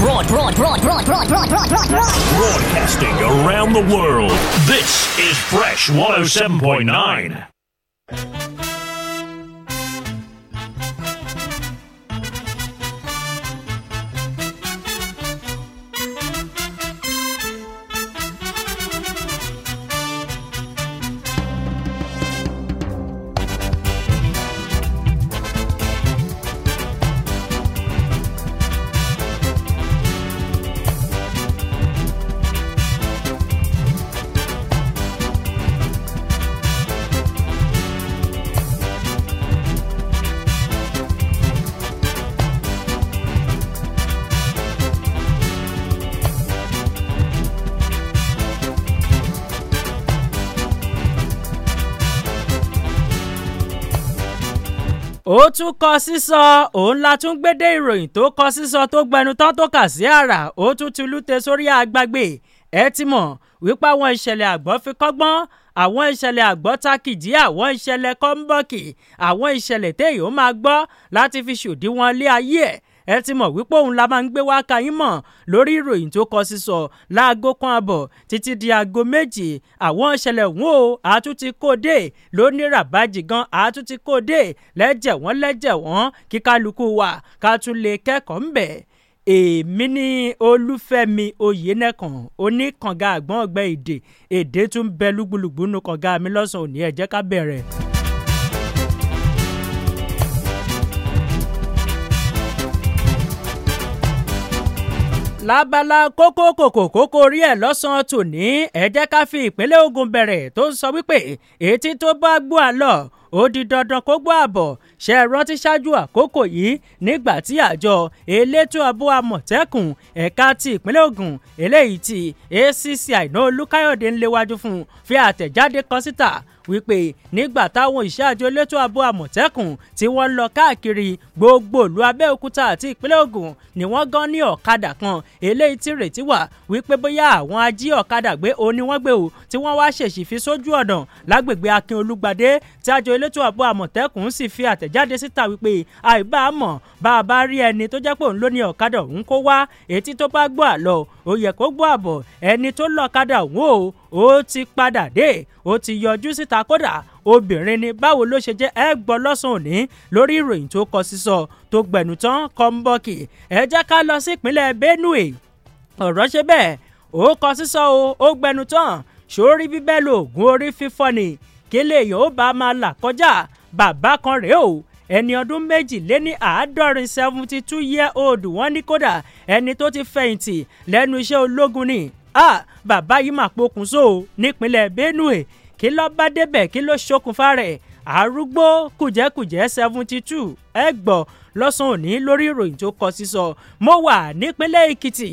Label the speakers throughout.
Speaker 1: broad, broad, broad, broad, broad, broad, broad, broad, broad. Broadcasting around the world. This is Fresh 107.9.
Speaker 2: ó tún kọ sísọ òun la tún gbé dé ìròyìn tó kọ sísọ tó gbẹnu tán tó kà sí àrà ó tún ti lùtẹ̀ sórí àgbàgbé ẹ ti mọ̀ wípé àwọn ìṣẹ̀lẹ̀ àgbọ̀ fi kọ́gbọ́n àwọn ìṣẹ̀lẹ̀ àgbọ́takìdí àwọn ìṣẹ̀lẹ̀ kọ́ńbọ̀kì àwọn ìṣẹ̀lẹ̀ téèyàn máa gbọ́ láti fi ṣòdiwọ̀n lé ayé ẹ̀ ẹ ti mọ̀ wípé òun la máa ń gbé wá ka yín mọ̀ lórí ìròyìn tó kọ sísọ láago kan àbọ̀ títí di aago méjì àwọn ìṣẹ̀lẹ̀ wọn o àtúntí kò dé lóní ràbájì gan àtúntí kò dé lẹ́jẹ̀ wọ́n lẹ́jẹ̀ wọ́n kí kálukú wa ká tún lè kẹ́kọ̀ọ́ ńbẹ̀ èmi ní olúfẹ́mi oyènẹ́kan oníkànga àgbọ̀n ọgbẹ́ èdè èdè tún bẹ lúgbúlùgbú nù kànga mi lọ́sàn-án òní ẹ ká bẹ̀rẹ̀. lábala kókó kòkò kókó orí ẹ̀ lọ́sàn-án tòní ẹ jẹ́ ká fi ìpínlẹ̀ Ògùn bẹ̀rẹ̀ tó ń sọ wípé ètí tó bá gbó àlọ́ ó di dandan kó gbọ́ àbọ̀ ṣe é rántí ṣáájú àkókò yìí nígbà tí àjọ elétò ààbò àmọ̀tẹ́kùn ẹ̀ka ti ìpínlẹ̀ Ògùn eléyìí ti ACC Àìná Olúkáyọ̀dé ń léwájú fún fi àtẹ̀jáde kan síta wípé nígbà táwọn ìṣáájú elétò ààbò àmọ̀tẹ́kùn tí wọ́n lọ káàkiri gbogbo ìlú abẹ́òkúta àti ìpínlẹ̀ ògùn ni wọ́n gan ní ọ̀kadà kan eléyìí tí rètí wà wípé bóyá àwọn ají ọ̀kadà gbé oní wọ́n gbé o tí wọ́n wá ṣèṣì fi sójú ọ̀nà lágbègbè akin olúgbadé tí àjọ elétò ààbò àmọ̀tẹ́kùn sì fi àtẹ̀jáde síta wípé àìbámọ̀ bá a bá rí ẹni tó jẹ́ pé òun ló ní ó ti padà dé ó ti yọjú síta kódà obìnrin ni báwo ló ṣe jẹ́ ẹ gbọ́ lọ́sàn òní lórí ìròyìn tó kọ sísọ tó gbẹ̀nù tán kọ́ńbọ́ọ̀kì ẹ jẹ́ ká lọ sí ìpínlẹ̀ benue ọ̀rọ̀ ṣe bẹ́ẹ̀ ó kọ sísọ o ó gbẹ̀nù tán sórí bíbẹ́ lòògùn orí fífọ́ ni kí lèèyàn ó bá máa là kọjá bàbá kan rèé o ẹni ọdún méjìléní àádọ́rin seventy two year old wọ́n ní kódà ẹni tó ti fẹ̀yìntì lẹ́nu iṣẹ́ ológun ni ah bàbá yìí mà pokùn so nípínlẹ̀ benue kí ló bá débẹ̀ kí ló ṣokùnfà rẹ̀ arúgbó kùjẹ́kùjẹ́ seventy two ẹ gbọ́ lọ́sàn òní lórí ìròyìn tó kọ sísọ mo wà nípínlẹ̀ èkìtì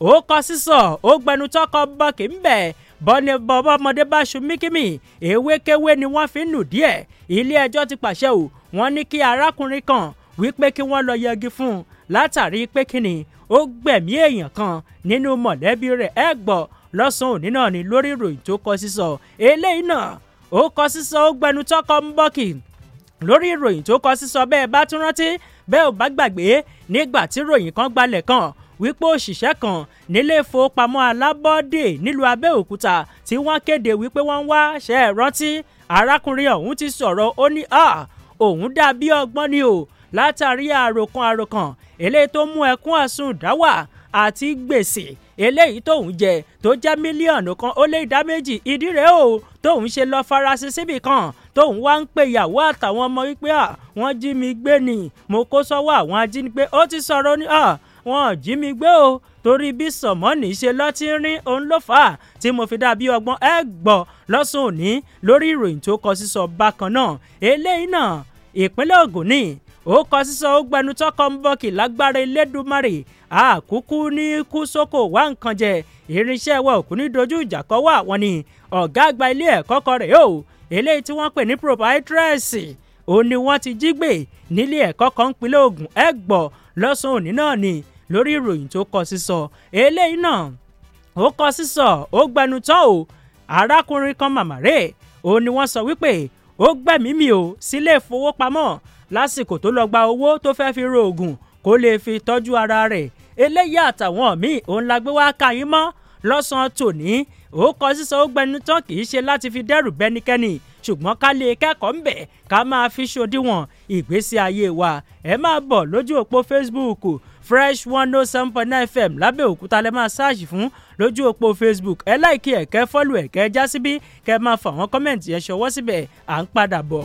Speaker 2: ó kọ sísọ ó gbẹnu tọkọ bọkì ń bẹ̀ bọ́ni bọ́bọ́ ọmọdé bá ṣu míkímì ewékewé ni wọ́n fi ń nù díẹ̀ ilé ẹjọ́ ti pàṣẹ o wọ́n ní kí arákùnrin kan wípé kí wọ́n lọ yẹgi fún un látàrí pé kíni ó gbẹ̀mí èèyàn kan nínú mọ̀lẹ́bí rẹ̀ ẹ gbọ́ lọ́sàn òní náà ni lórí ìròyìn tó kọ sísọ eléyìí náà ó kọ sísọ ó gbẹnu tọkọ ń bọ́kì lórí ìròyìn tó kọ sísọ bẹ́ẹ̀ bá tún rántí bẹ́ẹ̀ ò bá gbàgbé nígbà tí ìròyìn kan gbalẹ̀ kan wípé òṣìṣẹ́ kan nílé ìfowópamọ́ alábọ́dé nílùú abẹ́òkúta tí wọ́n kéde wípé wọ́n ń wá ṣe é rántí arákùnrin ọ̀hún ti sọ̀rọ̀ ó ní òun dàbí ọgbọ́n ni o látàrí àròkàn àròkàn eléyìí tó mú ẹkún àsùn dáwà àti gbèsè eléyìí tóun jẹ tó jẹ mílíọ̀nù kan ó lé ìdá méjì ìdí rèé o tóun ṣe lọ farasin síbì kan tóun wá ń pe ìyàwó àtàwọn ọmọ wípé wọ́n jí mi gbé ni mo kó sọ́wọ́ àwọn ajínigbé ó ti sọ̀rọ̀ ni wọ́n jí mi gbé o torí bí sọmọ́nì ṣe lọ́tí rín òun ló fà á tí mo fi dàbí ọgbọ́n ẹ gbọ́ lọ́sùn òní lórí ìròyìn tó kọ sísọ bákan náà eléyìí náà ìpínlẹ̀ Ògùn ni ó kọ sísọ ó gbẹnu tọkọ ń bọ̀kì lágbára elédùnmarè àkúkú ní kú wá nǹkan jẹ irinṣẹ́ wa òkú ní dojú ìjà kọ́ wà wọ́n ni ọ̀gá àgbà ilé ẹ̀kọ́ kọ rẹ̀ o eléyìí tí wọ́n pè ní proprietress òun ni wọ́n ti jí gbé nílé ẹ̀kọ́ kan pínlẹ̀ Ògùn ẹ̀gbọ́ lọ́sùn òní náà ni lórí ìròyìn tó kọ sísọ eléyìí náà ó kọ sísọ ó gbẹnu tọ́ o arákùnrin kan màmá rẹ̀ òun ni wọ́n sọ wípé ó gbẹ̀mí mi o sílé ìfowópamọ́ lásìkò tó lọ gba owó tó fẹ́ fi ro oògùn kó lè fi tọ́jú ara rẹ̀ eléyìí àtàwọn míì òun la gbé wá ka yín mọ́ lọ́sàn-án tòní ó kọ sísọ ó gbẹnu tán kì í ṣe láti fi dẹ́rù bẹ́nikẹ́ni ṣùgbọ́n ká lè kẹ́kọ̀ọ́ ń bẹ̀ ká máa fi ṣòdiwọ̀n ìgbésí ayé wa ẹ máa bọ̀ lójú òpó Facebook fresh one oh seven point nine fm lábẹ́òkúta lẹ́ máa ṣáàṣì fún lójú òpó Facebook ẹ láìkí ẹ̀kẹ́ fọ́lù ẹ̀kẹ́ já síbí kẹ́ máa fà wọ́n kọ́mẹ̀ntì yẹn ṣọwọ́ síbẹ̀ à ń padà bọ̀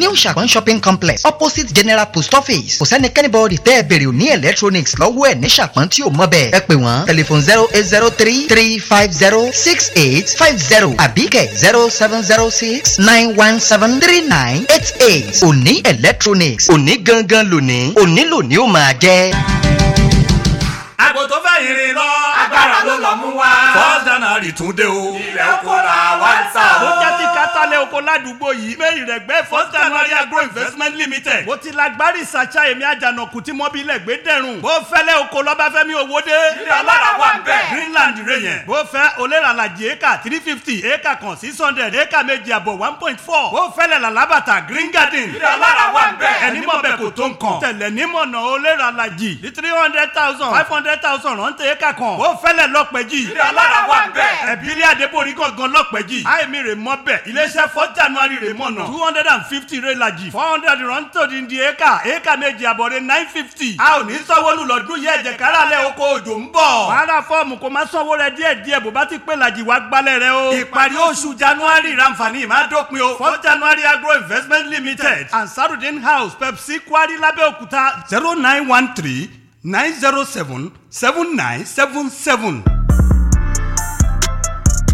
Speaker 3: new Ṣàpọ́n shopping complex opposite general post office kò sẹ́nikẹ́ni bọ́ọ̀dì tẹ́ ẹ bèrè òní electronics lọ́wọ́ ẹ̀ ní Ṣàpọ́n tí ò mọ̀ bẹ́ẹ̀ ẹ pè wọ́n telephone zero eight zero three three five zero six eight five zero àbíkẹ́ zero seven zero six nine one seven three nine eight eight òní electronics òní gangan lónìí òní lónìí ó máa jẹ́.
Speaker 1: àgbò tó fẹ́ yìnrìn lọ agbára ló lọ mú wá. first january tún dé o. ilẹ̀ oko la wá ń sá o. mo jẹ́ ti kátàlẹ̀ oko ládùúgbò yìí mẹ́rin rẹ̀ gbẹ́ first january agro investment limited. mo ti lágbárí sàṣà èmi àjànàkú tí mọ́bílẹ̀ gbé dẹ̀rùn. bó fẹ́lẹ́ oko lọ́ba fẹ́mi owó dé. ilé alára wà bẹ́ẹ̀. greenland rẹ yẹn. bó fẹ́ olérànlájì éka three fifty éka kan six hundred éka méjì àbọ̀ one point four. bó fẹ́lẹ̀ làlábàtà green garden. ilé alára wà bẹ́ẹ̀. ẹni mọ̀ bẹ́ẹ̀ kò tó nǹkan. tẹ̀lẹ̀ nímọ̀nà olérànlájì ní three hundred thousand five hundred thousand rántí éka kan. bó fẹ́lẹ̀ lọ́pẹ́jì. ilé alára wà bẹ́ẹ̀. ẹ̀bílẹ̀ adébórí gangan lọ́pẹ́jì. àìmí rè mọ́ bẹ́ẹ̀. iléeṣẹ́ fọ́ january rè mọ́ náà. two hundred and fifty rẹ́lajì. four hundred rántòdì di éka éka méje àbọ̀rẹ́ nine fifty. a ò ní sanwó lù lọ́dún yẹ ẹ̀jẹ̀ kára lẹ́ oko òjò ń bọ̀. wàhálà fọ́ọ̀mù kò má sanwó rẹ díẹ̀ díẹ̀ bó bá ti pé lajì wá gbalẹ̀ rẹ o. ìparí oṣù january ranfani má dópin o. four january agro investment limited and sarudin house pepsi kwari labẹ́òkúta zero nine one three 907 7977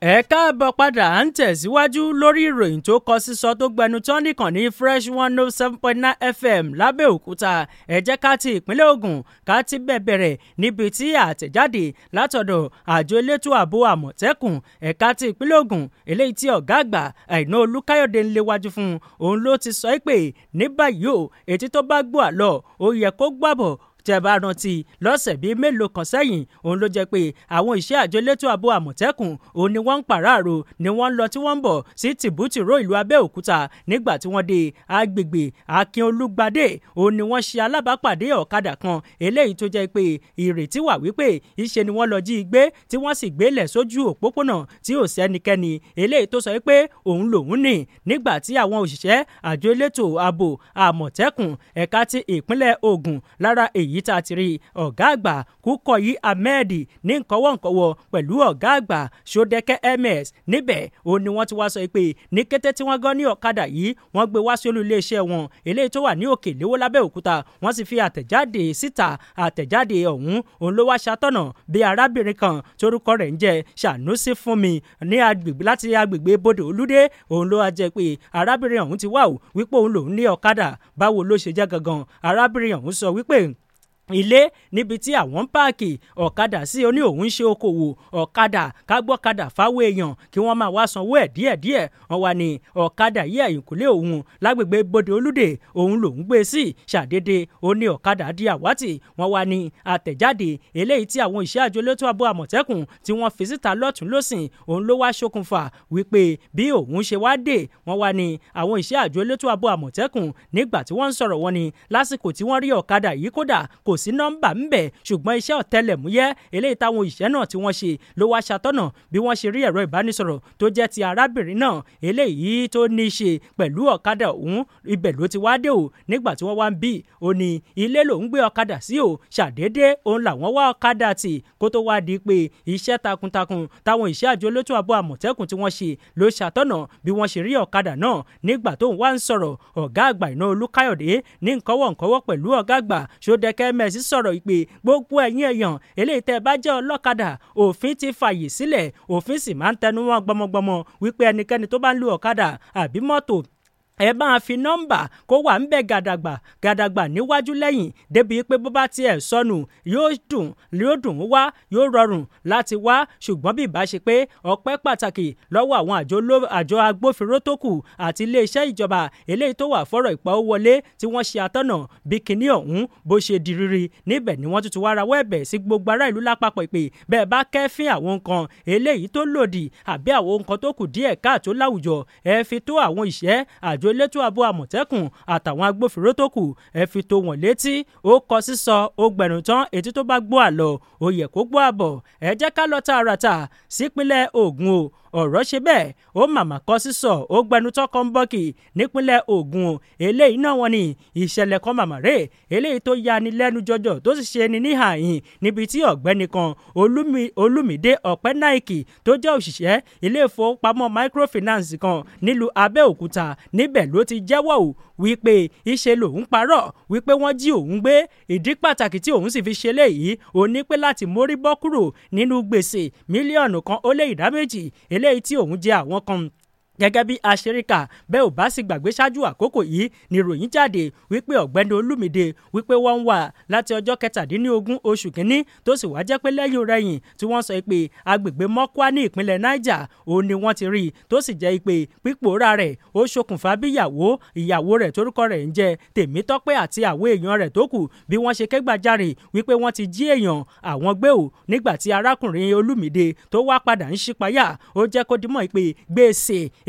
Speaker 2: ẹ káàbọ̀ padà à ń tẹ̀síwájú lórí ìròyìn tó kọ sísọ tó gbẹnu tán nìkànnì fresh one oh seven point nine fm lábẹ́òkúta ẹ jẹ́ ká ti ìpínlẹ̀ Ògùn ká ti bẹ̀bẹ̀rẹ̀ níbi tí àtẹ̀jáde látọ̀dọ̀ àjọ elétò ààbò àmọ̀tẹ́kùn ẹ̀ka ti ìpínlẹ̀ Ògùn eléyìí tí ọ̀gá àgbà àìná olúkáyọ̀dé ń léwájú fún òun ló ti sọ pé ní báyìí o ètí tó bá gbọ́ àlọ́ ó yẹ kó gbàbọ̀ tẹ́ rántí lọ́sẹ̀ bíi mélòó kan sẹ́yìn òun ló jẹ́ pé àwọn iṣẹ́ àjọ elétò ààbò àmọ̀tẹ́kùn òun ni wọ́n ń pàráàrò ni wọ́n ń lọ tí wọ́n ń bọ̀ sí tìbútìró ìlú abẹ́òkúta nígbà tí wọ́n dé agbègbè akínolúgbadé òun ni wọ́n ṣe alábàápàdé ọ̀kadà kan eléyìí tó jẹ́ pé ìrètí wà wípé iṣẹ́ ni wọ́n lọ jí gbé tí wọ́n sì gbélẹ̀ sójú òpópónà tí èyí tá a ti rí ọ̀gá àgbà Kúkọ̀yí Ahmed ní nkọ́wọ́nkọ́wọ́ pẹ̀lú ọ̀gá àgbà Ṣódẹ́kẹ́ MS níbẹ̀ ó ní wọ́n ti wá sọ pé ní kété tí wọ́n gán ní ọ̀kadà yìí wọ́n gbé wá sí olú iléeṣẹ́ wọn eléyìí tó wà ní òkè léwó lábẹ́òkúta wọ́n sì fi àtẹ̀jáde síta àtẹ̀jáde ọ̀hún òun ló wá ṣàtọ̀nà bí arábìnrin kan torúkọ rẹ̀ ń jẹ́ Ṣànúsí fún mi ní agbègbè láti agbègbè bodè olúdé òun ló wá jẹ́ pé arábìnrin ọ̀hún ti wá ò wípé òun lòún ní ọ̀kadà báwo ló ṣe jẹ́ gangan arábìnrin ọ̀hún sọ wípé ilé níbi tí àwọn ń páàkì ọ̀kadà sí oní òun ṣe okòwò ọ̀kadà kágbọ́kadà fáwọn èèyàn kí wọ́n máa wá sanwó ẹ̀ díẹ̀díẹ̀ wọ́n wà ní ọ̀kadà yí ẹ̀yìnkùlé òun lágbègbè bòde olúde òun lòún gbé sí ṣàdédé oní ọ̀kadà di àwátì wọ́n wà ní àtẹ̀jáde eléyìí tí àwọn ìṣe àjọ elétò ààbò àmọ̀tẹ́kùn tí wọ́n fi síta lọ́tún lọ́sìn òun ló wá ṣokùnfà wípé bí òun ṣe wá dé sí nọ́mbà ń bẹ̀ ṣùgbọ́n iṣẹ́ ọ̀tẹlẹ̀múyẹ́ eléyìí táwọn òṣìṣẹ́ náà tí wọ́n ṣe ló wá ṣàtọ́nà bí wọ́n ṣe rí ẹ̀rọ ìbánisọ̀rọ̀ tó jẹ́ ti arábìnrin náà eléyìí tó ní í ṣe pẹ̀lú ọ̀kadà ọ̀hún ibẹ̀ ló ti wá dé o nígbà tí wọ́n wá ń bí ó ní ilé lòún gbé ọ̀kadà sí o ṣàdédé òun làwọn wá ọ̀kadà tì kó tó wá di pé iṣẹ́ takuntakun táwọn iṣẹ́ àjọ olótú àbọ̀ àmọ̀tẹ́kùn tí wọ́n ṣe ló ṣàtọ́nà bí wọ́n ṣe rí ọ̀kadà náà nígbà tóun wá ń sọ̀rọ̀ ọ̀gá àgbà iná olúkáyọ̀dé ní nkọ́wọ́ nkọ́wọ́ pẹ̀lú ọ̀gá àgbà ṣódẹ́kẹ́ mẹ́ bẹ̀rẹ̀ sí sọ̀rọ̀ ìpè gbogbo ẹ̀yin èèyàn eléyìí tẹ́ bá jẹ́ ọlọ́kadà òfin ti fààyè sílẹ̀ òfin sì máa ń tẹnu wọn gbọmọgbọmọ wípé ẹnikẹ́ni tó bá ń lu ọ̀kadà àbí mọ́tò ẹ máa fi nọ́mbà kó wà ń bẹ̀ gàdàgbà gàdàgbà níwájú lẹ́yìn débi pé bó bá tiẹ̀ sọnù yóò dùn yóò dùn ún wá yóò rọrùn láti wá ṣùgbọ́n bí ìbá ṣe pé ọpẹ́ pàtàkì lọ́wọ́ àwọn àjọ agbófinró tó kù àti iléeṣẹ́ ìjọba eléyìí tó wà fọ́rọ̀ ìpa ó wọlé tí wọ́n ṣe atọ́nà bí kinní ọ̀hún bó ṣe di riri níbẹ̀ ni wọ́n tuntun wá rawọ́ ẹ̀bẹ̀ sí gbogbo ará ìlú lápapọ̀ ìpè bẹ́ẹ̀ bá kẹ́fín àwọn nǹkan eléyìí tó lòdì àbí àwọn nǹkan tó kù díẹ̀ káàtó láwùjọ ẹ fi tó àwọn ìṣẹ́ àjọ elétò ààbò àmọ̀tẹ́kùn àtàwọn agbófinró tó kù ẹ fi tó wọn létí ó kọ sísọ ó gbẹ̀rùn tán etí tó bá gbọ́ àlọ́ ó yẹ kó gbọ́ àbọ̀ ẹ jẹ́ ká lọ tààràtà sípínlẹ̀ Ògùn o ọ̀rọ̀ ṣe bẹ́ẹ̀ ó màmá kọ́ sísọ ó gbẹnutọ́ kan bọ́ọ̀kì nípínlẹ̀ Ògùn eléyìí náà wọn ni ìṣẹ̀lẹ̀ kan màmá rè eléyìí tó yani lẹ́nu jọjọ tó sì ṣe ni níhàyìn níbi tí ọ̀gbẹ́ni kan Olúmídé Ọ̀pẹ́náìkì tó jẹ́ òṣìṣẹ́ ilé ìfowópamọ́ microfinance kan nílùú Abẹ́òkúta níbẹ̀ ló ti jẹ́wọ́ wípé ìṣe lòun parọ́ wípé wọ́n jí òun gbé ìdí pàtàkì tí òun sì fi ṣe léyìí òun ní pé láti mórí bọ́ kúrò nínú gbèsè mílíọ̀nù kan ó lé ìdá méjì eléyìí tí òun jẹ àwọn kan gẹ́gẹ́ bí aṣeríkà bẹ́ẹ̀ ò bá sì gbàgbé ṣáájú àkókò yìí ni ìròyìn jáde wípé ọ̀gbẹ́ni olúmídé wípé wọ́n ń wà láti ọjọ́ kẹtàdínlógún oṣù kínní tó sì wá jẹ́ pé lẹ́yìn rẹ̀yìn tí wọ́n sọ pé agbègbè mọ́kúá ní ìpínlẹ̀ niger òun ni wọ́n ti rí i tó sì jẹ́ pé pípòórá rẹ̀ ó ṣokùnfà bí ìyàwó ìyàwó rẹ̀ torúkọ rẹ̀ ń jẹ́ tèmítọ́pẹ́ àti àwọn èèyàn rẹ̀ tó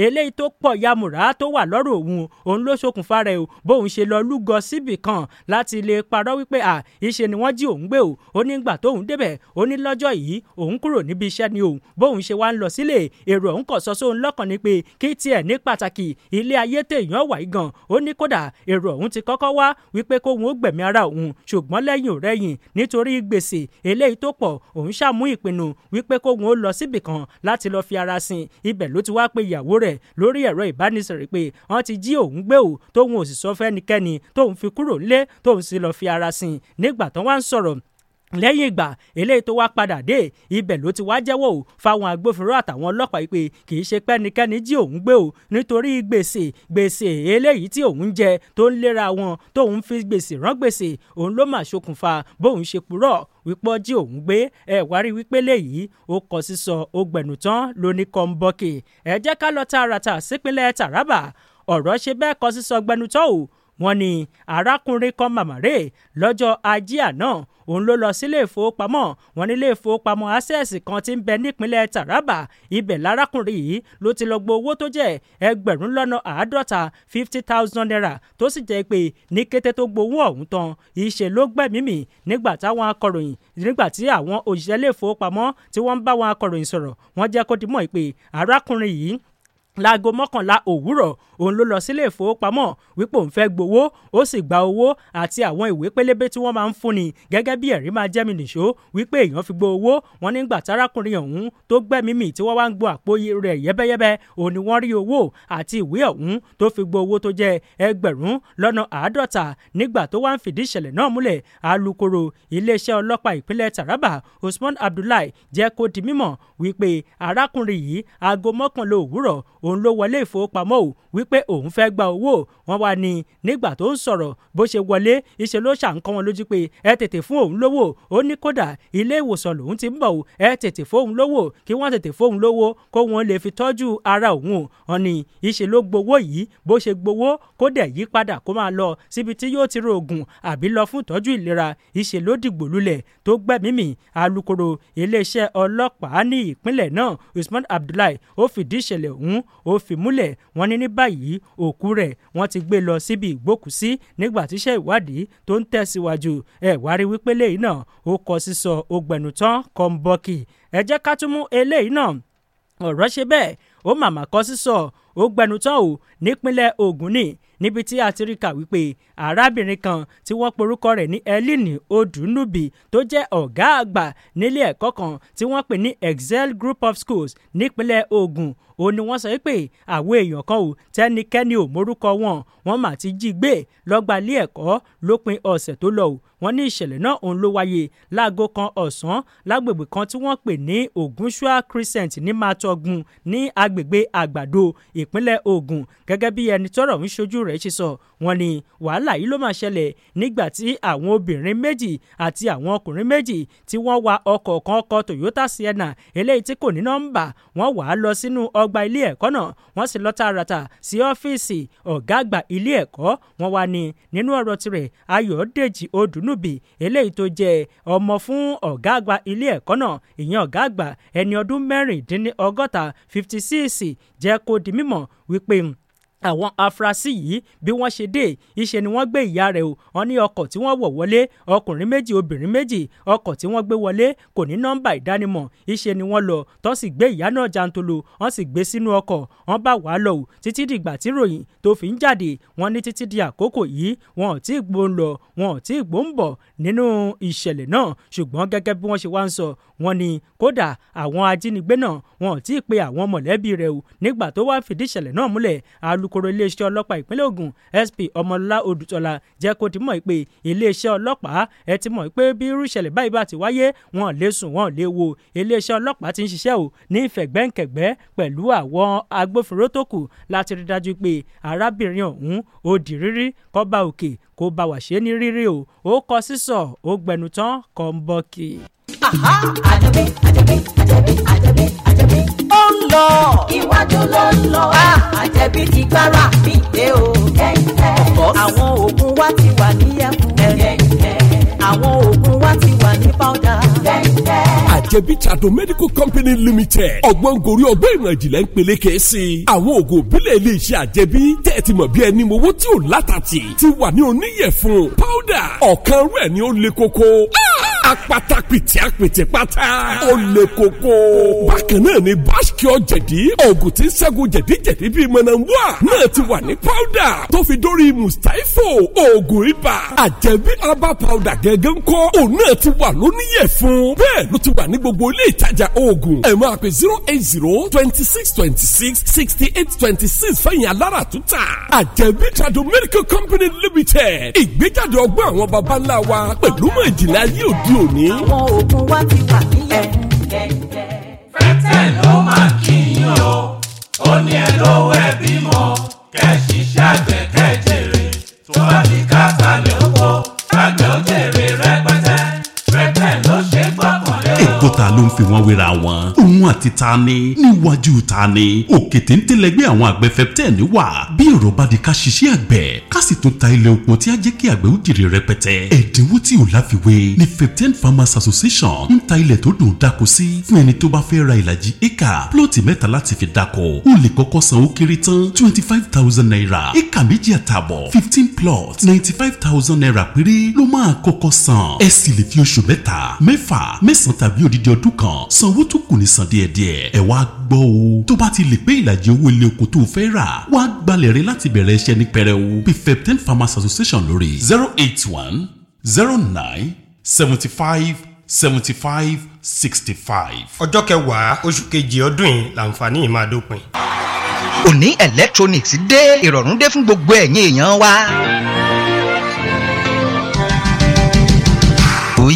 Speaker 2: eléyìí tó pọ̀ yamùrá tó wà lọ́rùn òun òun ló ṣokùnfà rẹ̀ o bóun ṣe lọ lúgọ síbì kan láti lè parọ́ wípé à ìṣe ni wọ́n jí òun gbé o ó ní gbà tóun débẹ̀ ó ní lọ́jọ́ yìí òun kúrò níbi iṣẹ́ ni òun bóun ṣe wá ń lọ sílé èrò òun kọ̀ sọ sóun lọ́kàn ni pé kí tiẹ̀ ní pàtàkì ilé ayé tèèyàn wà í ó ní kódà èrò òun ti kọ́kọ́ wá wípé kóun ó gbẹ̀mí ara òun ṣùgbọ́n lẹ́yìn òrẹ́yìn nítorí gbèsè eléyìí tó pọ̀ òun ṣàmú ìpinnu wípé kóun ó lọ síbì kan láti lọ fi ara sin ibẹ̀ ló ti wá pé ìyàwó rẹ̀ lórí ẹ̀rọ ìbánisọ̀rọ̀ pé wọ́n ti jí òun gbé òun tóun ò sì sọ fẹ́nikẹ́ni tóun fi kúrò nílé tóun sì lọ́ọ́ fi ara sìn nígbà tó wá ń sọ̀rọ̀ lẹ́yìn ìgbà eléyìí tó wá padà dé ibẹ̀ ló ti wá jẹ́wọ́ o fáwọn agbófinró àtàwọn ọlọ́pàá pé kì í ṣe pẹ́nikẹ́ni jí òun gbé o nítorí gbèsè gbèsè eléyìí tí òun jẹ tó ń léra wọn tóun fi gbèsè rán gbèsè òun ló mà ṣokùnfà bóun ṣe purọ́ wípọ́ jí òun gbé ẹ wá rí wípé léyìí ó kọ sísọ ó gbẹ̀nù tán ló ní ẹ jẹ́ ká lọ tààràtà sípínlẹ̀ Taraba ọ̀rọ̀ ṣe bẹ́ẹ̀ kọ sísọ gbẹnutọ́ o wọ́n ní arákùnrin kan màmárè lọ́jọ́ ajé àná òun ló lọ sílé ìfowópamọ́ wọn nílé ìfowópamọ́ access kan tí ń bẹ nípínlẹ̀ Taraba ibẹ̀ lárákùnrin yìí ló ti lọ gbọ́ owó tó jẹ́ ẹgbẹ̀rún lọ́nà àádọ́ta fifty thousand naira tó sì jẹ́ pé ní kété tó gbowó ọ̀hún tán ìṣe ló gbẹ̀mímì nígbà táwọn akọ̀ròyìn nígbà tí àwọn òṣìṣẹ́ ilé ìfowópamọ́ tí wọ́n ń bá wọn akọ̀ròyìn sọ̀rọ̀ wọ́n jẹ́ kó dimọ̀ pé arákùnrin yìí láago mọ́kànlá òwúrọ̀ òun ló lọ sílé ìfowópamọ́ wípé òun fẹ́ gbowó ó sì gba owó àti àwọn ìwé pélébé tí wọ́n máa ń fúnni gẹ́gẹ́ bí ẹ̀rí máa jẹ́mi nìṣó wípé èèyàn fi gbọ́ owó wọn nígbà tárákùnrin ọ̀hún tó gbẹ́mímì tí wọ́n wá ń gbọ́ àpò rẹ̀ yẹ́bẹ́yẹ́bẹ́ òun ni wọ́n rí owó àti ìwé ọ̀hún tó fi gbọ́ owó tó jẹ́ ẹgbẹ̀rún lọ́nà àádọ́ta nígbà tó wá ń fìdí ìṣẹ̀lẹ̀ náà múlẹ̀ alukoro iléeṣẹ́ ọlọ́pàá òun ló wọlé ìfowópamọ́ ò wípé òun fẹ́ gba owó wọn wá ní nígbà tó ń sọ̀rọ̀ bó ṣe wọlé iṣẹ́ ló ṣàǹkọ́ wọn lójú pé ẹ tètè fún òun lówó ó ní kódà ilé ìwòsàn lòun ti ń bọ̀ ò ẹ tètè fóun lówó kí wọ́n tètè fóun lówó kó wọn lè fi tọ́jú ara òun wọn ni iṣẹ́ ló gbowó yìí bó ṣe gbowó kó dẹ̀ yí padà kó máa lọ síbi tí yóò ti ro oògùn àbí lọ fún ìtọ́jú ìlera iṣẹ́ ló dìgbò lulẹ̀ tó gbẹ̀mímì alukoro iléeṣẹ́ ọlọ́pàá ní ìpínlẹ̀ náà Usman Abdullahi ó fìdí ìṣẹ̀lẹ̀ ọ̀hún ó fi múlẹ̀ wọ́n ní ní báyìí òkú rẹ̀ wọ́n ti gbé lọ síbi ìgbókùsí nígbà tíṣẹ́ ìwádìí tó ń tẹ̀síwájú ẹ̀ wá rí wípé lẹ́yìn náà ó kọ sísọ ògbẹ̀nùtán kọ́ńbọ́ọ̀kì ẹ jẹ́ ká tún mú eléyìí náà ọ̀rọ̀ ṣe bẹ́ẹ̀ ó màmá kọ sísọ ògbẹ̀nùtán ò nípínlẹ̀ Ògùn ni níbi tí a ti rí kà wípé arábìnrin kan tí wọ́n porúkọ rẹ̀ ní elini odunubi tó jẹ́ ọ̀gá àgbà nílé ẹ̀kọ́ kan tí wọ́n pè ní excel group of schools nípínlẹ̀ Ogun òun ni wọ́n sọ pé àwọn èèyàn kan ò tẹ́nikẹ́ni ò mórúkọ wọn wọ́n mà ti jí gbé lọ́gbà ilé ẹ̀kọ́ lópin ọ̀sẹ̀ tó lọ wọ́n ní ìṣẹ̀lẹ̀ náà òun ló wáyé láago kan ọ̀sán lágbègbè kan tí wọ́n pè ní Ògúnṣúà Crescent ní Matogun ní agbègbè Àgbàdo ìpínlẹ̀ Ogun gẹ́gẹ́ bí ẹni tọ́rọ̀ ń ṣojú rẹ̀ rẹ̀ ṣe sọ wọ́n ní wàhálà yìí ló máa ṣẹlẹ̀ nígbà tí àwọn obìnrin méjì àti àwọn ọkùnrin méjì tí wọ́n wa ọkọ̀ kan ọkọ̀ Toyota Sienna eléyìí tí kò ní nọ́mbà wọ́n wà á lọ sínú ọgbà ilé ẹ̀kọ́ náà wọ́n sì lọ tààràtà sí ọ́fíìsì ọ̀gá àgbà ilé ẹ̀kọ́ wọn wá ní nínú ọ̀rọ̀ tirẹ̀ Ayọ̀dèjì Odùnúbì eléyìí tó jẹ́ ọmọ fún ọ̀gá àgbà ilé ẹ̀kọ́ náà ìyẹn ọ̀gá àgbà ẹni ọdún mẹ́rìndínlọ́gọ́ta fifty six jẹ́ kó di mímọ̀ wípé àwọn afurasí yìí bí wọ́n ṣe dé iṣẹ́ ni wọ́n gbé ìyá rẹ̀ o wọ́n ní ọkọ̀ tí wọ́n wọ̀ wọlé ọkùnrin méjì obìnrin méjì ọkọ̀ tí wọ́n gbé wọlé kò ní nọ́mbà ìdánimọ̀ iṣẹ́ ni wọ́n lọ tó sì gbé ìyá náà jantolo wọ́n sì gbé sínú ọkọ̀ wọ́n bá wàá lọ o títí dìgbà tí ròyìn tó fi ń jáde wọ́n ní títí di àkókò yìí wọn ò tí ì gbó ń lọ wọn ò tí ì gbó ń bọ̀ nínú ìṣẹ̀lẹ̀ náà ṣùgbọ́n gẹ́gẹ́ bí wọ́n ṣe wá ń sọ wọ́n ní kódà àwọn ajínigbé náà wọn ò tí ì pe àwọn mọ̀lẹ́bí rẹ̀ o nígbà tó wá fìdí ìṣẹ̀lẹ̀ náà múlẹ̀ aluk alūkkóró iléeṣẹ́ ọlọ́pàá ìpínlẹ̀ Ògùn SP ọmọlọ́lá odùtọ́lá jẹ́ kó ti mọ̀ pé iléeṣẹ́ ọlọ́pàá ẹ ti mọ̀ pé bí irú ìṣẹ̀lẹ̀ báyìí bá ti wáyé wọn lè sùn wọn lè wo iléeṣẹ́ ọlọ́pàá ti ń ṣiṣẹ́ o ní ìfẹ̀gbẹ́ǹkẹ̀gbẹ́ pẹ̀lú àwọn agbófinró tó kù láti rí dájú pé arábìnrin ọ̀hún ó di rírí kó bá òkè kó bá wàṣẹ́ ní rírí o ó kọ sísọ ó gbẹnu kọ́ ń bọ́ kì í àjẹbí àjẹbí
Speaker 3: àjẹbí àjẹbí àjẹbí ó ń lọ iwájú ló ń lọ àjẹbí ah, ti gbára mi dé o àwọn oògùn wa ti wà ní ẹkùn àwọn oògùn wa ti wà ní powder
Speaker 1: àjẹbí trado medical company limited ọgbọ́n gorí ọgbọ́n ìmọ̀ ìjìnlẹ̀ ń peléke sí i. àwọn oògùn òbílẹ̀ iléeṣẹ́ àjẹbí tẹ́ ẹ ti mọ̀ bí ẹni mowó tí ò látàtì ti wà ní oníyẹ̀fun powder ọ̀kan rẹ̀ ni ó le koko. Ah! apatapìtì apìtì pátá ó lè koko. bákan náà ni báṣkìọ́ jẹ̀dí oògùn tí ṣẹ́gun jẹ̀díjẹ̀dí bíi mọ̀nàmúà náà ti wà ní pọ́dà tó fi dórí mùsítáífò oògùn ibà àjẹbí herbal powder gẹ́gẹ́ ń kọ́ òun náà ti wà lóníyẹ̀ fún. bẹ́ẹ̀ ló ti wà ní gbogbo ilé ìtajà oògùn ẹ máa pè zero eight zero twenty six twenty six sixty eight twenty six fẹ̀yìn alára tuta àjẹbí tradu medical company limited ìgbéjáde ọgbọ́n àwọn baba wa pẹ̀lú mọ̀ ìjìnlẹ̀ ayé òde òde òní. àwọn oògùn wa ti wà nílẹ̀. fẹ́tẹ̀ ló máa kí yín o ó ní ẹ lówó ẹ bímọ kẹ́ ṣiṣẹ́ àgbẹ̀ kẹ́ tó bá ní ká kalẹ̀ oko kágbẹ̀ ó jèrè rẹ̀ àádọ́ta ló ń fi wọ́n wéra wọn òun àti ta ni níwájú ta ni òkè téńtélẹ́gbẹ́ àwọn àgbẹ̀ fẹ́tẹ́ẹ̀nì wà bí èrò bá di ká ṣiṣẹ́ àgbẹ̀ ká sì tún ta ilẹ̀ oko tí á jẹ́ kí àgbẹ̀ ó jèrè rẹpẹtẹ ẹ̀dínwó tí ò láfiwé ni fẹ́tẹ́ẹ̀nì farmers association ń ta ilẹ̀ tó dùn dáko sí fún ẹni tó bá fẹ́ ra ìlàjì éka plọ́ọ̀tì mẹ́ta láti fi dáko ó lè kọ́kọ́ san ó kéré tán twenty five thousand naira eka méjì àtààbọ̀ fifteen plots ninety five thousand naira péré ló máa kọ́kọ́ san ẹ sì lè fi odidi ọdún kan sanwó tó kù ní san díẹ̀díẹ̀ ẹ wá gbọ́ o tó bá ti lè pé ìlàjì owó ilé oko tó fẹ́ rà wá gbalẹ̀ rẹ láti bẹ̀rẹ̀ iṣẹ́ ní pẹrẹwu bí fepten farmers association lórí zero eight one zero nine seventy five seventy
Speaker 3: five sixty five. ọjọ́ kẹwàá oṣù kejì ọdún yìí làǹfààní yìí máa dópin. òní electronics dé ìrọ̀rùn dé fún gbogbo ẹ̀yin èèyàn wa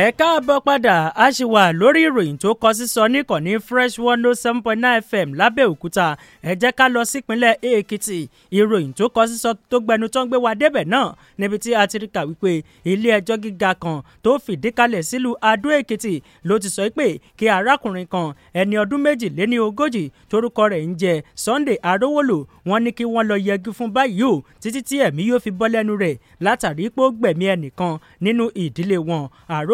Speaker 2: ẹ káàbọ̀ padà a ṣì wà lórí ìròyìn tó kọ sísọ níkànnì fresh one oh seven point nine fm lábẹ́òkúta ẹ jẹ́ ká lọ sípínlẹ̀ èkìtì ìròyìn tó kọ sísọ tó gbẹnu tán gbé wa débẹ̀ náà níbi tí a ti rí kà wípé ilé ẹjọ́ gíga kan tó fìdí kalẹ̀ sílùú adó èkìtì ló ti sọ pé kí arákùnrin kan ẹni ọdún méjì lé ní ogójì torúkọ rẹ̀ ń jẹ́ sunday arówólò wọ́n ní kí wọ́n lọ yẹgi fún báyìí o títí tí ẹ̀mí yóò fi bọ́ lẹ́nu rẹ̀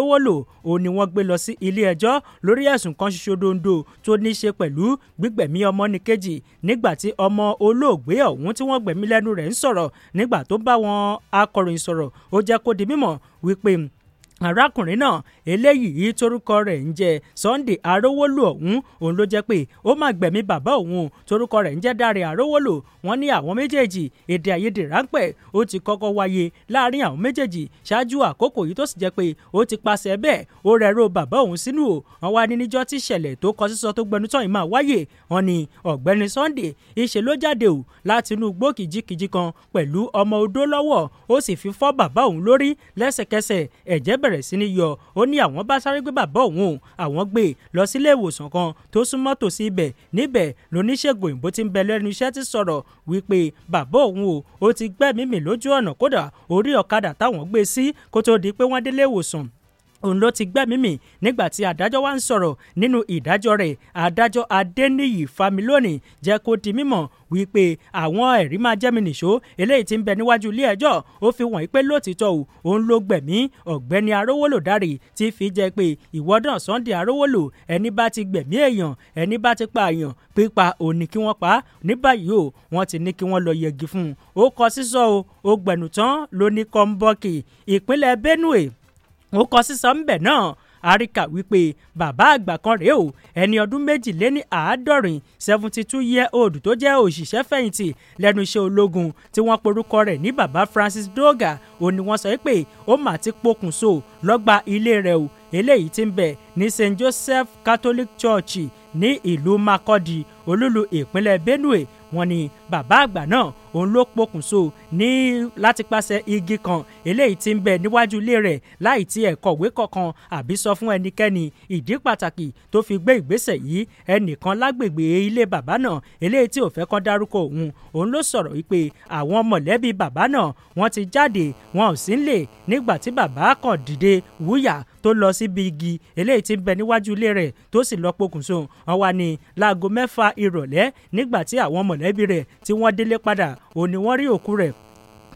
Speaker 2: lówó lò òun ni wọ́n gbé lọ sí ilé ẹjọ́ lórí ẹ̀sùn kan ṣoṣo dondo tó ní ṣe pẹ̀lú gbígbẹ̀mí ọmọ ní kejì nígbà tí ọmọ olóògbé ọ̀hún tí wọ́n gbẹ̀mí lẹ́nu rẹ̀ ń sọ̀rọ̀ nígbà tó bá wọn akọ̀ròyìn sọ̀rọ̀ ó jẹ́ kó di mímọ̀ wípé arákùnrin náà eléyìí torúkọ rẹ̀ ń jẹ́ Sunday Arówólò ọ̀hún òun ló jẹ́ pé ó máa gbẹ̀mí bàbá òun torúkọ rẹ̀ ń jẹ́ Dáre Arówólò wọ́n ní àwọn méjèèjì èdè àìyedè ráńpẹ́ ó ti kọ́kọ́ wáyé láàrin àwọn méjèèjì ṣáájú àkókò yìí tó sì jẹ́ pé ó ti pàṣẹ bẹ́ẹ̀ ó rẹ̀rọ bàbá òun sínú o wọ́n wá ní níjọ́ tí ìṣẹ̀lẹ̀ tó kọ sísọ tó gbẹnutọ́ Sunday ìṣe bẹ̀rẹ̀ sí ní yọ ó ní àwọn bá sáré gbé bàbá òun àwọn gbé e lọ sílé ìwòsàn kan tó súnmọ́ tòsí ibẹ̀ níbẹ̀ lóníṣègùn òyìnbó ti ń bẹ lẹ́nu iṣẹ́ ti sọ̀rọ̀ wípé bàbá òun o ó ti gbẹ́mìí mì lójú ọ̀nà kódà orí ọ̀kadà táwọn gbé e sí kó tó di pé wọ́n délé ìwòsàn òun ló ti gbẹ́mímì nígbà tí adájọ́ wa ń sọ̀rọ̀ nínú ìdájọ́ rẹ̀ adájọ́ adéníyì familóni jẹ́ kó di mímọ̀ wípé àwọn ẹ̀rí máa jẹ́ mi nìṣó eléyìí tí ń bẹ níwájú ilé ẹjọ́ ó fi wọ̀nyí pé lóòtítọ́ ò òun ló gbẹ̀mí ọ̀gbẹ́ni arówólò dárì tí fi jẹ́ pé ìwọ́dàn sunday arówólò ẹni bá ti gbẹ̀mí èèyàn ẹni bá ti pa èèyàn pípa òun ni kí wọ́n pa ní báyìí o wọ́n ti ní kí wọ́n lọ yẹgi fún un ó kọ sísọ o ó gbẹ̀nù tán ló ìpínlẹ̀ benue ó kọ sísọ ńbẹ̀ náà àríkà wípé bàbá àgbà kan rèé o ẹni ọdún méjìléní àádọ́rin seventy two year old tó jẹ́ òṣìṣẹ́ fẹ̀yìntì lẹ́nu iṣẹ́ ológun tí wọ́n porúkọ rẹ̀ ní bàbá Francis Doga ó ní wọ́n sọ pé ó mà ti pokùnso lọ́gbà ilé rẹ̀ o eléyìí tí ń bẹ ní St Joseph Catholic Church ní ìlú Makurdi olúlu ìpínlẹ̀ Benue wọ́n ní bàbá àgbà náà òun ló pokùnso ní láti pàṣẹ igi kan eléyìí tí ń bẹ níwájú ilé rẹ̀ láì tí ẹ̀ kọ̀wé kankan àbí sọ fún ẹnikẹ́ni ìdí pàtàkì tó fi gbé ìgbésẹ̀ yìí ẹnìkan lágbègbè ilé bàbá náà eléyìí tí ò fẹ́ kan dárúkọ òun òun ló sọ̀rọ̀ wípé àwọn mọ̀lẹ́bí bàbá náà wọ́n ti jáde wọn ò sí nílé nígbà tí bàbá kàn dìde wúyà tó lọ síbi igi eléyìí tí ń bẹ níwájú ilé rẹ̀ tó sì lọ pokùnso wọn wà ní láago mẹ́fà ìrọ̀lẹ́ nígbà tí àwọn mọ̀lẹ́bí rẹ̀ tí wọ́n délé padà òní wọ́n rí òkú rẹ̀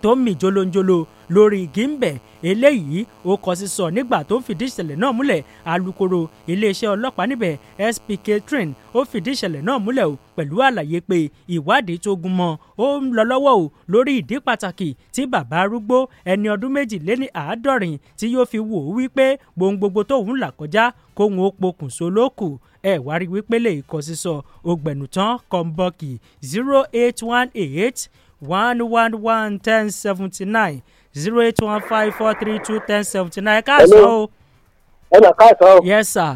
Speaker 2: tó ń mì jolonjolo lórí gímbẹ̀ eléyìí ó kọ sísọ nígbà tó fìdí ìṣẹ̀lẹ̀ náà múlẹ̀ alūkkóró iléeṣẹ́ ọlọ́pàá níbẹ̀ SP Catherine ó fìdí ìṣẹ̀lẹ̀ náà múlẹ̀ o pẹ̀lú àlàyé pé ìwádìí tó gún mọ́ ó ń lọ lọ́wọ́ o lórí ìdí pàtàkì tí bàbá arúgbó ẹni ọdún méjìléní àádọ́rin tí yóò fi wò ó wípé gbohun gbogbo tóun là kọjá kóhun ó pokùnso lókù ẹ wá rí wípé lè kọ sísọ ògbẹ̀nù tán kọ́ńbọ́ọ̀kì zero eight one eight one one one ten seventy nine zero eight one five four three two ten seventy nine ẹ káàsán o. ẹ nà káàsán o. yes sir.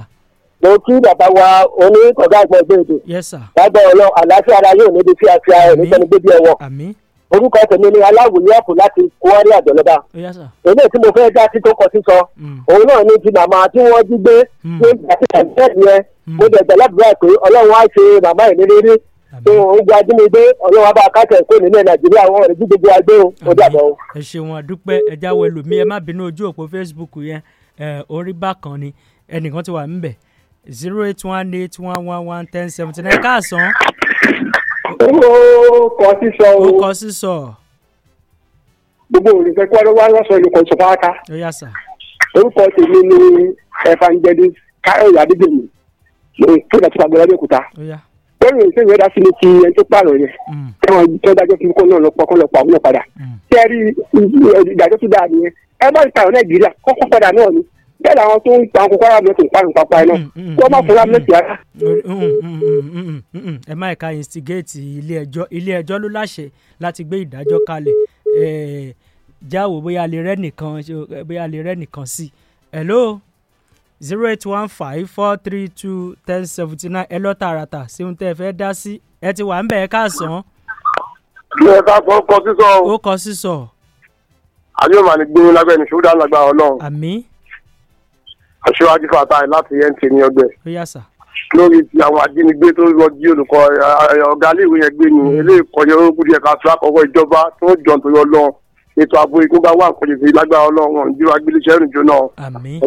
Speaker 2: mo kí bàbá wa oní ọ̀gá àgbọ̀n gbèdè. yes sir. lábẹ́ ọlọ́ àlàáfíà ara yóò níbi tí a fi ara ẹ̀ nígbẹ́ni gbé bí ẹ wọ. àmín. orúkọ tèmi ni aláwòye ẹ̀kú láti kúárì àjọlọ́ba. Oh, yes sir. èmi tí mo fẹ́ dá sí tó kọ sísọ. Mm. òun náà ni ti màmá tí wọ́n jí gbé. Mm. ní àti àìsàn yẹn
Speaker 1: mo mm. dẹ̀ gbà ládùúrà pé ọlọ́run á ṣe màmá ìlérí ogun ajínigbé ọlọ́wọ́ bá kákẹ́ kó nílẹ̀ nàìjíríà wọn rẹ̀ jí gbogbo agbé o ó dàbọ̀ o.
Speaker 2: ẹ ṣeun àdúpẹ́ ẹ jáwọ́ ẹlòmíì ẹ má bínú ojú òpó facebook yẹn orí bákan ni ẹnìkan ti wà ńbẹ̀ zero eight one eight one one one ten seventy nine káàsán.
Speaker 3: ó kọ
Speaker 2: sísọ o. kọ sísọ. gbogbo olùfẹ́ kọ́ ló wá lọ́sọ̀ olùkọ́ ìṣọ̀fà ká. ó yà sà. orúkọ tèmi ni evangelist káyọ̀ yàdígbèmí
Speaker 1: lórí fúnà tó bá kẹ́mi ìṣẹ́yìn ẹ̀dá sílé ti ẹni tó pààrọ̀ yẹn tẹ́wọ̀n tó dájọ́ fún kó náà lọ pọ̀ kó lọ pa òun náà padà mm. ìdájọ́ tó dáa nìyẹn ẹ bá ìpààrọ̀ nàìjíríà kọ́kọ́ padà náà ni bẹ́ẹ̀ làwọn tó ń pa àwọn kókó rámẹ́tì ń parun papá iná mm, mm, kó má fún rámẹ́tì ara.
Speaker 2: ẹ má ẹ̀ka instigate ilé ẹjọ́ ilé ẹjọ́ ló láṣẹ láti gbé ìdájọ́ kalẹ̀ jáwọ́ hello zero eight one five four three two ten seventy nine ẹ lọ tààràtà ṣéun tẹ́ ẹ fẹ́ dá sí ẹ ti wà ń bẹ̀ ẹ́ káàsán.
Speaker 1: bí ẹ ká sọ ó kọ sísọ o. ó kọ sísọ. àdéhùn màá ní gbé lágbẹ́ni ṣúdà lágbára ọlọ́run. àmín. aṣíwájú fàtà láti nt ní ọgbẹ́. ó yà sà. lórí ti àwọn ajínigbé tó lọ jí olùkọ́ ọ̀gá iléèwé yẹn gbé ni eléyìí kọjá olókùn díẹ̀ ká tó àkọ́kọ́ ìjọba tó jọ̀ nítorí ọlọ́run ètò ààbò ikú bá wà fún ìfi lágbára ọlọ́run ju agbéléṣẹ́ ìrìnjò náà.
Speaker 2: àmín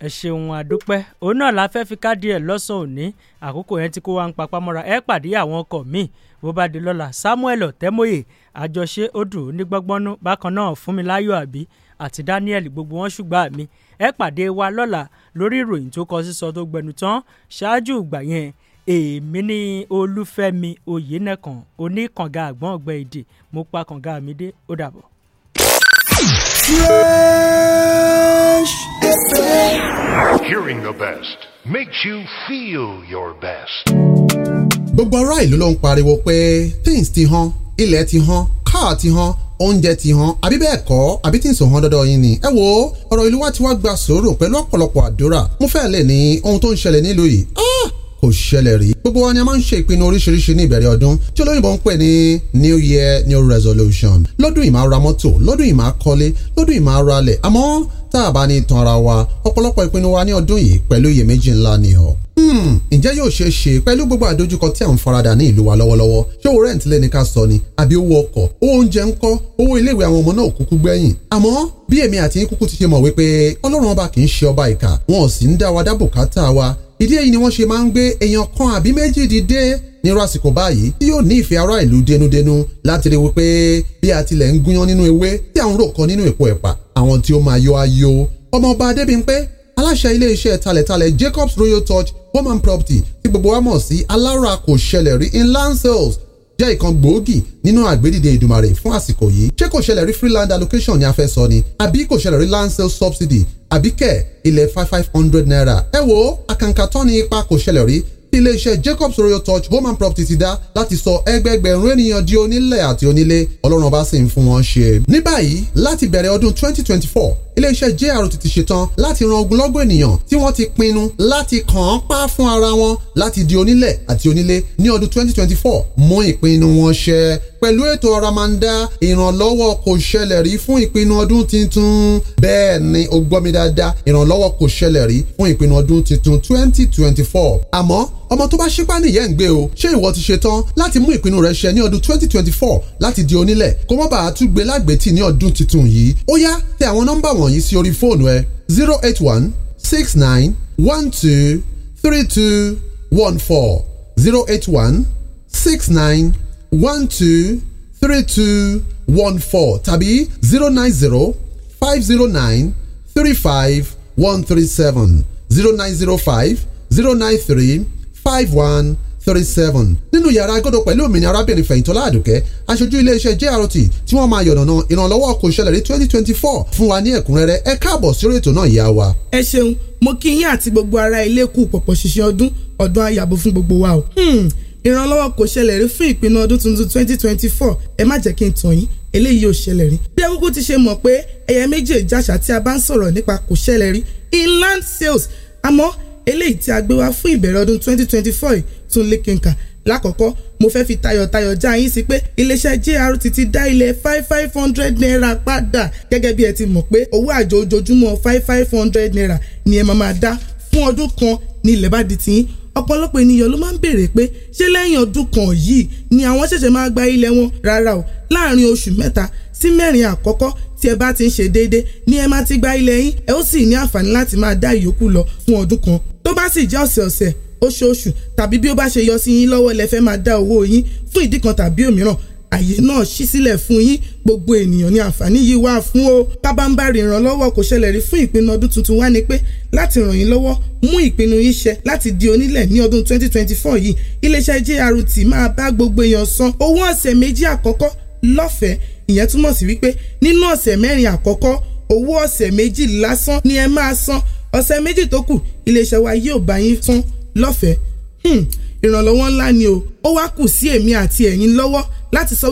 Speaker 2: ẹ ṣeun àdúpẹ́ òun náà la fẹ́ fi káàdì ẹ̀ lọ́sàn-án òní àkókò yẹn tí kò wá ń papá mọ́ra ẹ pàdé àwọn ọkọ̀ míì bó lọ́la samuel ọ̀tẹ́mọ̀yè àjọṣe odù onígbọ́gbọ́nú bákan náà fúnmiláyọ̀ àbí àti daniel gbogbo wọn ṣùgbọ́n àmì ẹ pàdé wa lọ́la lórí ìròyìn tó kọ sísọ tó gbẹnu tán ṣáájú ìgbà yẹn èmi ní olúfẹ́mi oyinẹ̀kan oníkànga àgbọ̀ngbẹ̀ èdè mo pa kànga mi dé ó dàbọ̀.
Speaker 3: Fresh FM. Hearing the best makes you feel your best.
Speaker 4: Gbogbo ará ìlú ló ń pariwo pé things ti hàn, ilẹ̀ ti hàn, káà ti hàn, oúnjẹ ti hàn àbí bẹ́ẹ̀ kọ́ àbí tí ń sọ hàn dandan yín ni. ẹ wo ọ̀rọ̀ ìlú wa ti wá gba sòrò pẹ̀lú ọ̀pọ̀lọpọ̀ àdúrà mo fẹ́ lè ní ohun tó ń ṣẹlẹ̀ nílùú yìí. Ah! kò ṣẹlẹ̀ rí. gbogbo wa ni a máa ń ṣe ìpinnu oríṣiríṣi ní ìbẹ̀rẹ̀ ọdún tí olóyìnbó ń pè ní new year new resolution lọ́dún ìmáa ra mọ́tò lọ́dún ìmáa kọ́lé lọ́dún ìmáa ra lẹ̀ àmọ́ tá a bá ní tan ara wa ọ̀pọ̀lọpọ̀ ìpinnu wa ní ọdún yìí pẹ̀lú iyèméjì ńlá ni o. Hmm, ǹjẹ́ yóò ṣeé ṣe pẹ̀lú gbogbo àdójúkọ tí à ń farada ní ìlú wa lọ́wọ́lọ́wọ́ ṣé owó rẹ̀ǹtì lẹ́ni ká sọ ni àbí owó ọkọ̀ owó oúnjẹ ńkọ́ owó iléèwé àwọn ọmọ náà kúkú gbẹ̀yìn. àmọ́ bí èmi àti yín kúkú ti ṣe mọ̀ wípé ọlọ́run ọba kì í ṣe ọba ìkà wọn ò sì ń dá wa dá wa ìdí èyí ni wọ́n ṣe máa ń gbé èèyàn kan àbí méjì dìde nírú àsìkò báyìí tí yóò ní ìfẹ́ ará ìlú denudenu láti rí wípé bí a tilẹ̀ ń gúnyán nínú ewé tí à rò kan nínú èpo ẹ̀pà àwọn tí ó máa yọ ayọ̀ ọmọọba adébímpé aláṣẹ iléeṣẹ́ talẹ̀talẹ̀ jacobs royal touch home and property tí gbogbo wa mọ̀ sí alára kò ṣẹlẹ̀ rí in land sales jẹ́ ìkan gbòógì nínú àgbédìde ìdùmarè fún àsìkò yìí ṣé kò ṣẹlẹ̀ rí free land allocation ni a fẹ́ sọ ni àbí kò ṣẹlẹ̀ rí land sales subsidy àbí kẹ̀ ilẹ̀ five five hundred naira ẹ wo àkàǹkà tán ni ipa kò ṣẹlẹ̀ rí iléeṣẹ́ Jacobs Royal Touch Home and Property ti dá láti sọ ẹgbẹẹgbẹ̀rún ènìyàn di onílẹ̀ àti onílé ọlọ́run ọba sì ń fún wọn ṣe. ní báyìí láti bẹ̀rẹ̀ ọdún 2024 iléeṣẹ́ JRT ti ṣetán láti ran ogunlọ́gọ̀ ènìyàn tí wọ́n ti pinnu láti kàn án pa fún ara wọn láti di onílẹ̀ àti onílé ní ọdún 2024 mú ìpinnu wọn ṣẹ pẹ̀lú ètò ọ̀ramàndá ìrànlọ́wọ́ kò ṣẹlẹ̀ rí fún ìpinnu ọdún tuntun bẹ́ẹ̀ ni ó gbọ́ mi dáadáa ìrànlọ́wọ́ kò ṣẹlẹ̀ rí fún ìpinnu ọdún tuntun twenty twenty four àmọ́ ọmọ tó bá ṣípá nìyẹn ń gbé o ṣé ìwọ ti ṣe tán láti mú ìpinnu rẹ ṣẹ ní ọdún twenty twenty four láti di onílẹ̀ kó má bàa tún gbé lágbètì ní ọdún tuntun yìí ó yá tẹ àwọn nọ́mbà wọ̀nyí sí orí fóònù ẹ zero eight one six nine one two three two one four zero eight one six nine one two three two one four tàbí zero nine zero five zero nine three five one three seven zero nine zero five zero nine three five one thirty seven nínú yàrá gbọdọ̀ pẹ̀lú òmìnira arábìnrin fẹ̀yìntọ́lá àdùkẹ́ aṣojú iléeṣẹ́ JRT tí wọ́n máa yọ̀nàna ìrànlọ́wọ́ kò ṣẹlẹ̀ rí twenty twenty four fún wa ní ẹ̀kúnrẹ́rẹ́ ẹ káàbọ̀ sórí ètò náà ìyá wa. ẹ ṣeun mo kí yín àti gbogbo ará ilé kú pọ̀pọ̀ ṣìṣẹ́ ọdún
Speaker 5: ọdún ayàbò fún gbogbo wa o. Hmm ìrànlọ́wọ́ kò ṣẹlẹ̀ rí fún ìpinnu ọdún tuntun 2024. twenty four ẹ má jẹ́ kí n tàn yín eléyìí ò ṣẹlẹ̀ rí. bí akókó ti ṣe mọ̀ pé ẹ̀yà méjì ìjàṣà tí a bá ń sọ̀rọ̀ nípa kò ṣẹlẹ̀ rí inland sales àmọ́ eléyìí tí a gbé wá fún ìbẹ̀rẹ̀ ọdún twenty twenty four tún lé kínkà lákọ̀ọ́kọ́ mo fẹ́ fi tayọ̀tayọ̀ já yín sí pé iléeṣẹ́ JRT ti dá ilẹ̀ five five hundred naira padà gẹ́gẹ́ bí ẹ ti mọ̀ pé five five hundred naira ni ẹ máa máa dá fún ọdún kan ọ̀pọ̀lọpọ̀ ènìyàn ló máa ń béèrè pé ṣé lẹ́yìn ọdún kan yìí ni àwọn ṣẹ̀ṣẹ̀ máa gba ilẹ̀ wọn rárá o láàrin oṣù mẹ́ta sí mẹ́rin àkọ́kọ́ tí ẹ bá ti ń ṣe déédéé ni ẹ máa ti gba ilẹ̀ yín ẹ ó sì ní àǹfààní láti máa dá ìyókù lọ fún ọdún kan tó bá sì jẹ́ ọ̀sẹ̀ọ̀sẹ̀ oṣooṣù tàbí bí ó bá ṣe yọ sí yín lọ́wọ́ lẹ fẹ́ máa dá owó yín fún ìdí kan tàbí òmíràn àyè náà ṣí sílẹ̀ fún yín gbogbo ènìyàn ní àǹfààní yìí wá fún o pábánbárì ìrànlọ́wọ́ kò ṣẹlẹ̀ rí fún ìpinnu ọdún tuntun wá ni pé láti ràn yín lọ́wọ́ mú ìpinnu yín ṣẹ láti di onílẹ̀ ní ọdún 2024 yìí iléeṣẹ́ JRT máa bá gbogbo èèyàn san owó ọ̀sẹ̀ méjì àkọ́kọ́ lọ́fẹ̀ẹ́ ìyẹn túmọ̀ sí wípé nínú ọ̀sẹ̀ mẹ́rin àkọ́kọ́ owó ọ̀sẹ̀ méjì lásán ni ẹ máa san ọ̀sẹ̀ méjì tó kù iléeṣẹ́ wa yóò bá yín san lọ́fẹ̀ẹ́ hmm ìrànlọ́wọ́ ńlá ni o ó wá kù sí èmi àti ẹ̀yin lọ́wọ́ láti sọ wí